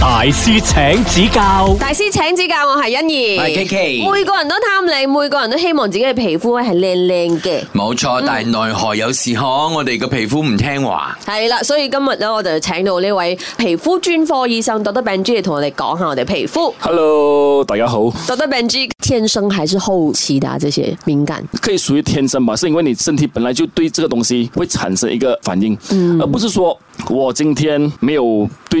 大師請指教，大師請指教，我係欣怡，係 KK 每個人都貪靚，每個人都希望自己嘅皮膚係靚靚嘅。冇錯、嗯，但係奈何有時可我哋嘅皮膚唔聽話。係啦，所以今日咧，我就請到呢位皮膚專科醫生，Dr. Benji 同我哋講下我哋皮膚。Hello，大家好。Dr. Benji 天生還是後期的這些敏感，可以屬於天生吧？是因為你身體本來就對這個東西會產生一個反應，嗯、而不是說我今天沒有對。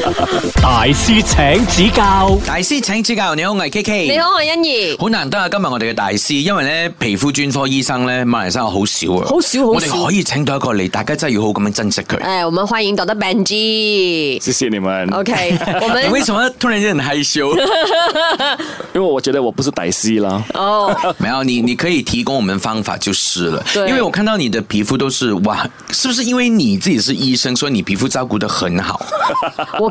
大師請指教，大師請指教。你好，我係 K K。你好，我係欣宜。好難得啊，今日我哋嘅大師，因為咧皮膚專科醫生咧，馬來西亞好少啊，好少好少。我哋可以請到一個你，大家真係要好好咁樣珍惜佢。誒、哎，我們歡迎到 Dr. Benji，謝謝你們。OK， 我們你為什麼突然間很害羞？ 因為我覺得我不是大師啦。哦，沒有，你你可以提供我們方法就是了。因為我看到你的皮膚都是哇，是不是因為你自己是醫生，所以你皮膚照顧得很好？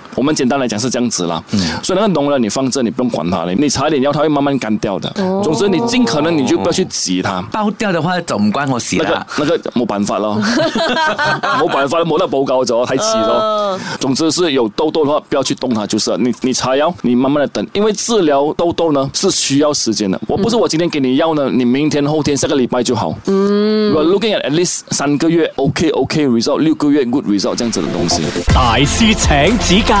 我們簡單來講是這樣子啦，嗯、所以那個膿啦，你放這，你不用管它了，你你搽一點藥，它會慢慢乾掉的、oh。總之你盡可能你就不要去擠它，oh、爆掉的話就唔關我事啦、那個。那個沒辦法了 沒辦法冇得補救咗，太遲咯、oh。總之是有痘痘的話，不要去動它，就是了，你你搽藥，你慢慢的等，因為治療痘痘呢是需要時間的。我不是我今天給你藥呢、嗯，你明天後天下個禮拜就好。如、嗯、果 Looking at, at least 三個月 OK OK result 六個月 good result 這樣子的東西，okay. 大師請指教。